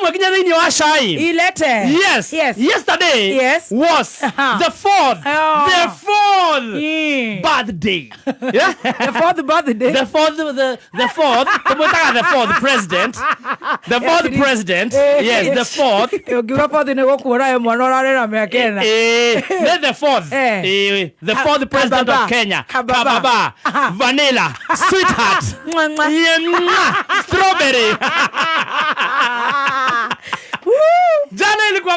Salamu ya kijana hii ni washai. Ilete. Yes. yes. Yesterday yes. was uh -huh. the fourth. Oh. The fourth yeah. birthday. Yeah? the fourth birthday. The fourth the the fourth. Tumetaka the fourth president. The fourth president. Eh, yes, eh, the fourth. Eh, ukiwa fourth ni gukuona mwana urarira mekena. Eh, the fourth. the fourth president of Kenya. Kababa. Vanilla, sweetheart. Strawberry.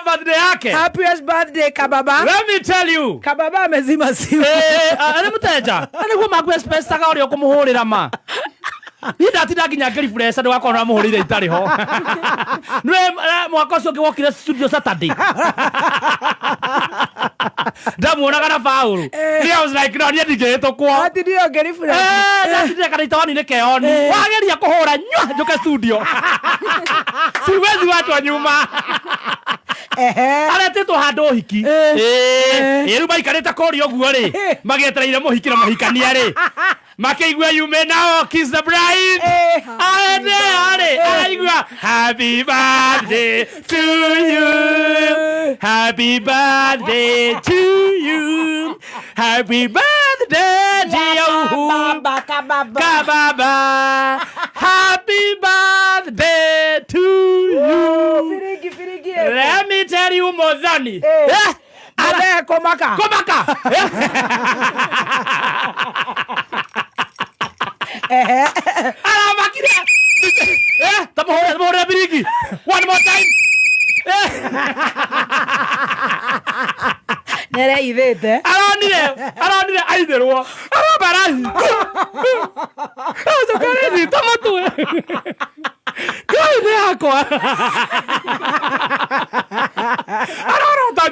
kwa birthday yake. Happiest birthday kababa. Let me tell you. Kababa amezima simu. Eh, eh, eh ana ah, Ana kwa magwe space saka uri okumuhurira ma. Ni dati ndatinda nginya wako na muhurira itari ho nwe sio eh, ucio ngiwokire studio saturday ndamuonaga na baũrũ like no niĩ ndingĩhĩtũkwoatindĩo kana itawanine keoni wageria kuhura nyua njũke studio siwezi watwa nyuma arete tå handa å hiki ä rä u maikarä te kåria å guo rä magietereire må hiki na må hikania rä makeigua yume nao kiss the bride araigua happy birthday to you happy birthday to you happy birthday kababa umo ndani eh. eh. Komaka. Komaka. Eh. Ala makira. Eh? birigi. One more time. Eh? Nere Aronire, aronire aitherwo. Arabarahi. Azo kareni tamatu. Kai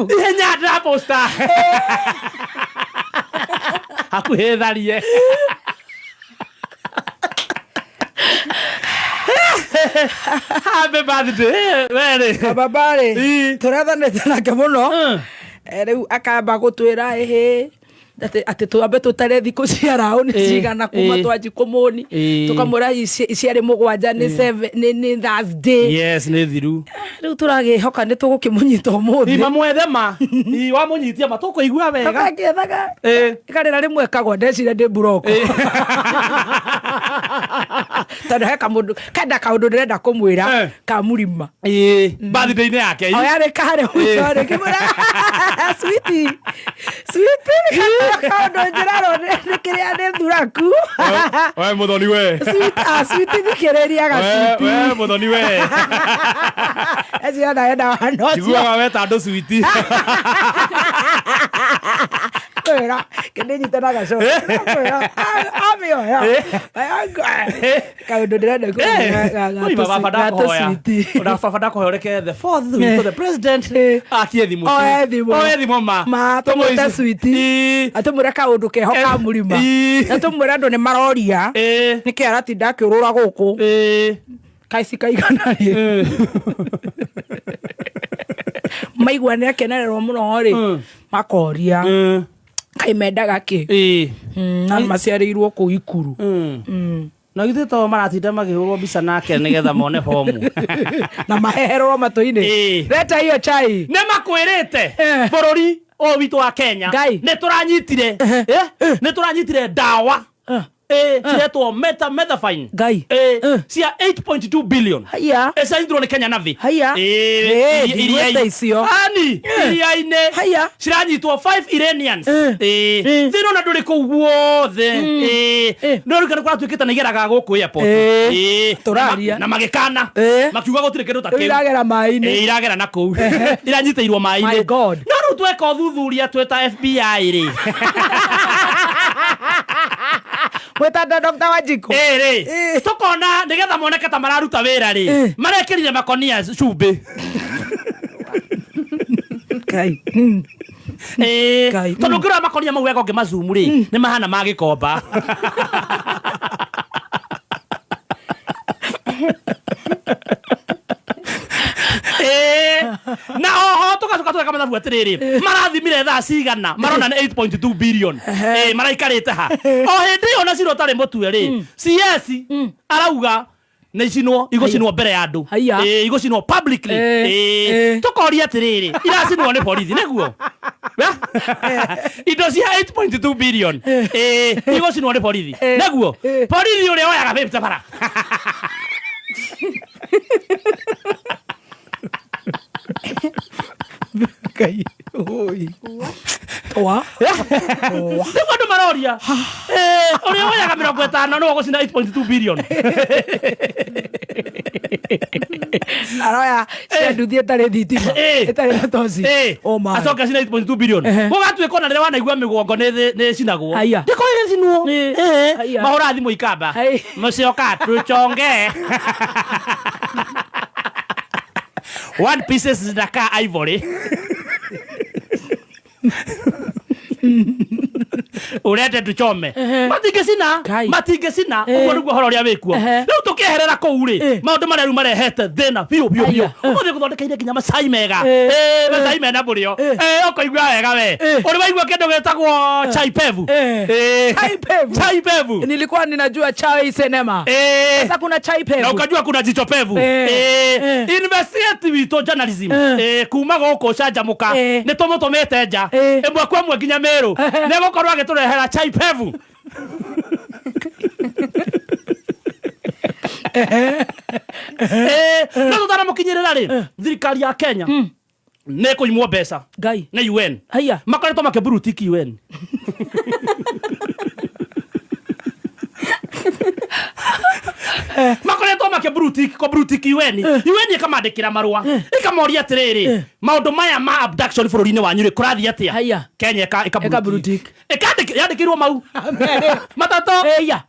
adabu yenye adabu sta hakuhe tharie happy birthday were babare turathanete nake muno eh, riu akamba gutwira ihi atä twambe tå tare thikå cia nä cigana kuma twanji kå må ni tå kamwä ra ciarä må gwanja nä thiru ah, rä u tå ragä hoka nä tå gå kä må nyita må thä wamå nyitia ma tå kå igua wega ethaga ä karä ra rä mwekagwo ndecire ndä mburoko tondu he kamundu kenda kaundu ndirenda kumwira eh. ka murima mm. birthday ine yake oyari kare ndå njä rarwo switi kä rä a nä thuraku må thoni we thikä rä riaga må thoni muthoni we eci enda wanocio weta andå köra. Kende nyita na gacoka. Köra. Amioya. Kaundu ndirenda kuga. Oi baba bada kuhoya. Ona baba bada the fourth to the kaigana ri. maigua nä akenererwo må no makoria kaä mendaga kä hmm, na maciarä kå ikuru hmm. Hmm. na githä to maratinda magä hå rwo mbica nake nä getha mone homu na maheherwo matå inä reta hiyo chai nä makwä rä te bå rå ri å witå wa kenya nä tå ranyitire nä tå ranyitire ndawa eh, ciretwo eh. meta metha fine ngai eh, cia eh. 8.2 billion haya esa eh, indro Kenya Navy haya eh, icio ani iria ine haya ciranyitwo 5 Iranians eh thino na nduri ku guothe mm. eh no rika kwa tuikita na igeraga guku airport eh turaria na magikana makiuga gutire kindu ta iragera maini iragera na ku iranyitairwo maini my god no ru tweka uthuthuria tweta FBI ri mwitanda Dr. Wanjiku eh rä tukona nigetha moneke ta mararuta wira rä marekirire makonia cumbi kai tondå ngä rora makonia mau wega å ngä macumu rä nä mahana ma gä komba atiriri marathimire thaa cigana marona nĩ 8.2 billion eh maraikarĩte ha o hĩndĩ ĩyo na ciro tarĩ mũtwe rĩ mm. CS mm. arauga nä icinwo igåcinwo mbere ya andå igåcinwo tå koria atä rä rä iracinwo nä borithi nä indo cia 8.2 billion igåcinwo nä borithi nä borithi å rä a bara ngai oi wa nĩguo andũ maroria eh, ũrĩa woyaga mĩrongo ĩtano nĩwe gũcina 8.2 billion aroya cianduthi eh. ĩtarĩ thitima eh. ĩtarĩ na toci oh, acoke acina 8.2 billion gũgatuĩka ona rĩrĩa wanaigua mĩgongo nĩ cinagwo ndĩkoĩ gĩcinwo mahũra thimũ ikamba mũcioka tũchonge one pieces zinakaa ivory urete tuchome matingä cina matingä cina uguo niguo horo ria wikuo riu weherera kå u rä eh. maå ndå marä a rä u marehete thä na biå biå biå å eh. thä gå thondekeire nginya macai mega eh. macai mena mbå rä o å koigua wega we å rä waigua kä ndå chai pevu chaipevu chaipevu nilikuwa ninajua chai cinema sasa kuna chai pevu na ukajua kuna jichopevu investigative wito journalism kuma gå kå canjamå ka nä tå må tå mä te nja ä mwe kwamwe nginya mä rå nä gå chai pevu tå rehera chaipevu må kinyä rä ra rä thirikari ya Kenya hmm. nä kå kuimwo mbeca ngai na UN makoretwo makiburutiki UN Eh. makoretwo makĩbrutiko brutik UN eh. UN ĩkamandĩkĩra marũa eh. ĩkamoria atĩrĩrĩ maũndũ maya ma abduction bũrũri-inĩ wanyu rĩ kũrathiĩ haya Kenya ĩkabrutik yandĩkĩirwo mau matatũ rĩa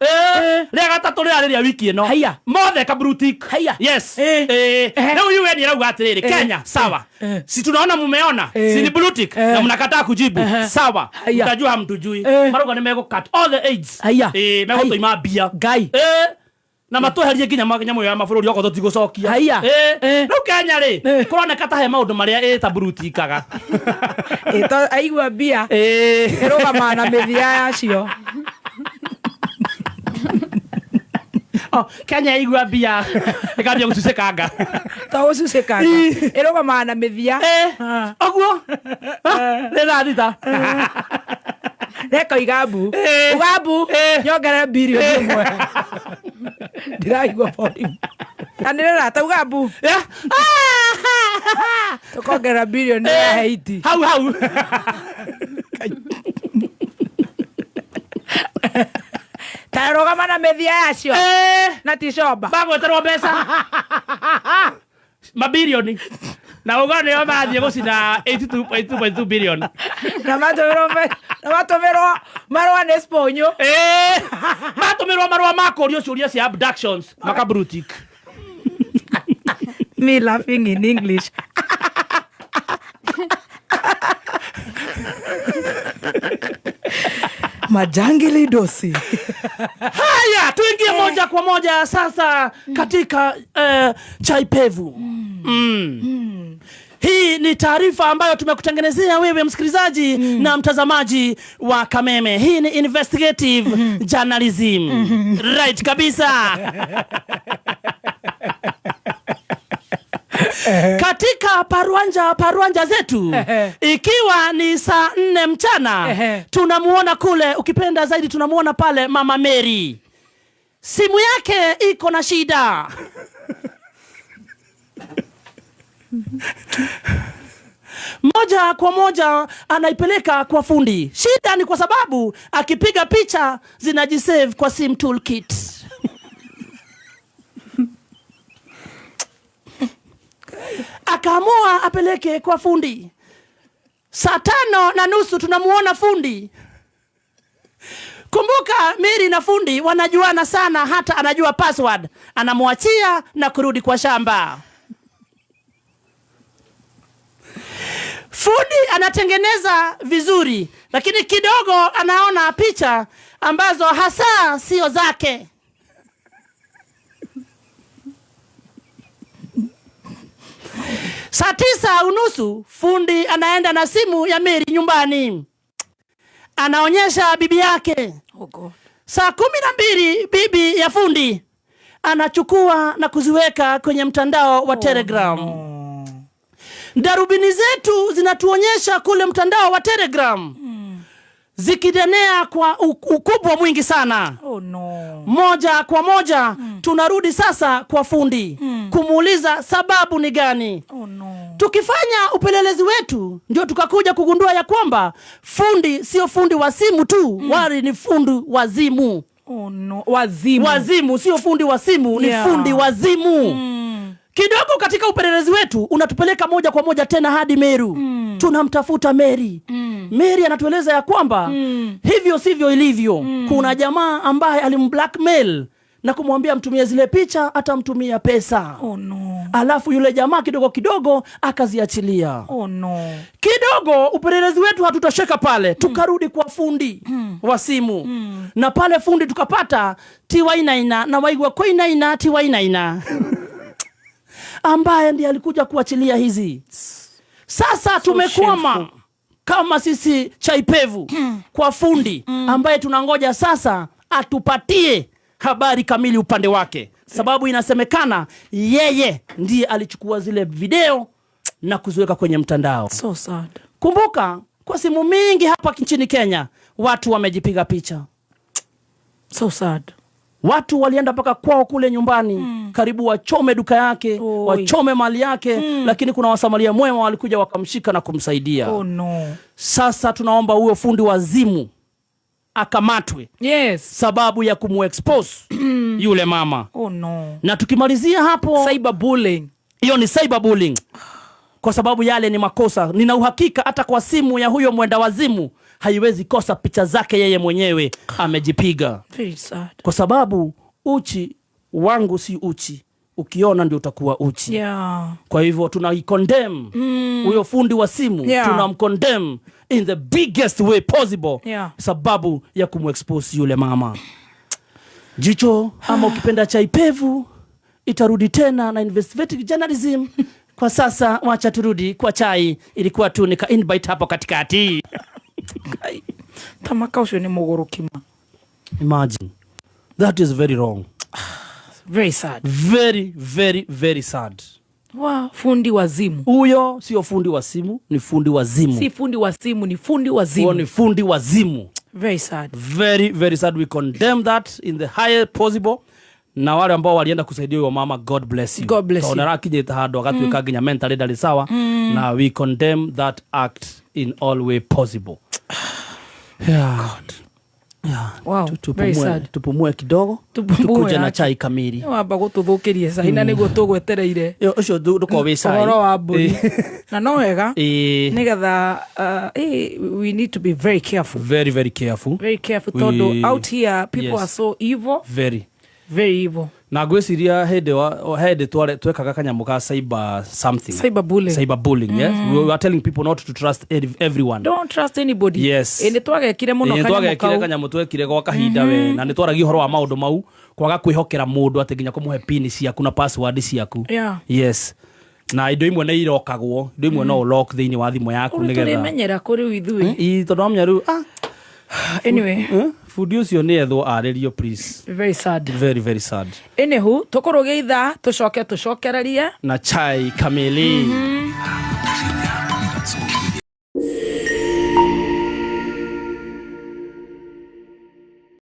gatatũ rĩra rĩrĩa wiki ĩno mothe haya yes eh rĩu UN ĩrauga atĩrĩrĩ Kenya sawa si tunaona mumeona si ni brutik na mnakataa kujibu sawa mtajua hamtujui ni mego cut all the aids haya eh mego megũtũima guy eh na hmm. matå herie nginya nyamå ya mabå rå ri okorwo cokia tigåcokia eh, eh. rä u kenya rä eh. kå roneka ta he maå ndå marä a ta burutikaga aigua mbia ä rå gamaga na mä thia yacio oh, kenya yaigua mbia ĩkambia gũcucĩkanga to gũcucĩkanga ĩrũgamaga na mĩthia ũguo nĩ thaa thita rekoiga mbu ugambu nyongere mbirioni ĩmwe ndiraigua borimu na nä mbu eh? tå kongerera bilioni ya eh? haiti hau hau tarogama na methia yacio eh? na ticoba bagweterwo mbeca mabilioni na ugo nä o mathiä gå cina 82.2 billion na matå mä rwo marå nä sponyå matå mä rwo marå ma kå rio ciå cia abductions makabrutik me laughing in english majangili dosi haya tuingie eh. moja kwa moja sasa katika uh, eh, chaipevu mm. Mm. Mm. Hii ni taarifa ambayo tumekutengenezea wewe msikilizaji mm. na mtazamaji wa Kameme. Hii ni investigative mm -hmm. journalism mm -hmm. right kabisa katika paruanja paruanja zetu ikiwa ni saa nne mchana tunamuona kule, ukipenda zaidi tunamuona pale Mama Mary, simu yake iko na shida moja kwa moja anaipeleka kwa fundi. Shida ni kwa sababu akipiga picha zinajisave kwa sim toolkit. Akaamua apeleke kwa fundi. Saa tano na nusu tunamuona fundi. Kumbuka Miri na fundi wanajuana sana, hata anajua password. Anamwachia na kurudi kwa shamba. Fundi anatengeneza vizuri, lakini kidogo anaona picha ambazo hasa sio zake. Saa tisa unusu fundi anaenda na simu ya Meri nyumbani, anaonyesha bibi yake. Oh Saa kumi na mbili bibi ya fundi anachukua na kuziweka kwenye mtandao wa oh Telegram. Darubini zetu zinatuonyesha kule mtandao wa Telegram hmm. zikidenea kwa ukubwa mwingi sana oh, no. moja kwa moja hmm. tunarudi sasa kwa fundi hmm. kumuuliza sababu ni gani? oh, no. Tukifanya upelelezi wetu ndio tukakuja kugundua ya kwamba fundi sio fundi wa simu tu hmm. wali ni fundi zimu Oh, no. wazimu wazimu, sio fundi wa simu yeah. ni fundi wazimu hmm kidogo katika upelelezi wetu unatupeleka moja kwa moja tena hadi Meru. mm. tunamtafuta Meri. mm. Meri anatueleza ya kwamba mm. hivyo sivyo ilivyo. mm. kuna jamaa ambaye alimblackmail na kumwambia mtumie zile picha, atamtumia pesa. oh, no. Alafu yule jamaa kidogo kidogo akaziachilia. oh, no. Kidogo upelelezi wetu hatutosheka pale. mm. Tukarudi kwa fundi mm. wa simu mm. na pale fundi tukapata tiwainaina na waigwa kwainaina tiwainaina ambaye ndiye alikuja kuachilia hizi. Sasa tumekwama kama sisi chaipevu hmm. kwa fundi hmm. ambaye tunangoja sasa atupatie habari kamili upande wake, sababu inasemekana yeye ndiye alichukua zile video na kuziweka kwenye mtandao. So sad. Kumbuka kwa simu mingi hapa nchini Kenya watu wamejipiga picha. So sad. Watu walienda mpaka kwao kule nyumbani mm. karibu wachome duka yake Oy. wachome mali yake mm. lakini kuna wasamaria mwema walikuja wakamshika na kumsaidia. Oh, no. Sasa tunaomba huyo fundi wazimu akamatwe, yes. sababu ya kumuexpose hmm. yule mama. Oh, no. na tukimalizia hapo Hiyo ni cyberbullying kwa sababu yale ni makosa. Nina uhakika hata kwa simu ya huyo mwenda wazimu haiwezi kosa picha zake yeye mwenyewe amejipiga, kwa sababu uchi wangu si uchi ukiona ndio utakuwa uchi yeah. Kwa hivyo tunaikondem mm. huyo mm. fundi wa simu yeah. tunamkondem in the biggest way possible yeah. sababu ya kumexpose yule mama jicho ama ukipenda chaipevu itarudi tena na investigative journalism. Kwa sasa wacha turudi kwa chai, ilikuwa tu nika invite hapo katikati Ngai. Tamaka ucio ni muguru kima. Imagine. That is very wrong. Very sad. Very, very, very sad. Wow, fundi wa zimu. Huyo sio fundi wa simu, ni fundi wa zimu. Si fundi wa simu, ni fundi wa zimu. Huyo ni fundi wa zimu. Very sad. Very, very sad. We condemn that in the highest possible na wale ambao walienda kusaidia huyo mama, God bless you. God bless you. kaona Taonera kinyita wakati mm. nginya mentally dali sawa, mm. na we condemn that act in all way possible. Tupumue, tupumue kidogo tukuja na chai kamiri wamba gututhukirie cai na niguo tugwetereire ucio ndukorwo wi cai uhoro wa mburi eh. na no wega eh. nigetha uh, eh, we need to be very careful very very careful very careful out here people are so evil very very na ngwiciria hende wa twekaga kanyamå ka cyber something cyber bullying cyber bullying yes eh? mm-hmm. we telling people not to trust everyone don't trust anybody yes eh, twagekire muno eh, twekire gwa kahinda we mm-hmm. na nä twaragia horo wa ndå mau kwaga må ndå atä nginya kumuhe pini ciaku na password ciaku yeah. yes na indo imwe nä irokagwo indo imwe no å thä inä wa thimå yaku nä getha tondå wamenya rä u ah, anyway å cio nä ethwo arä please very sad very very sad anywho tå kå rå gä itha tå coke tå cokererie na chai kamili mm -hmm.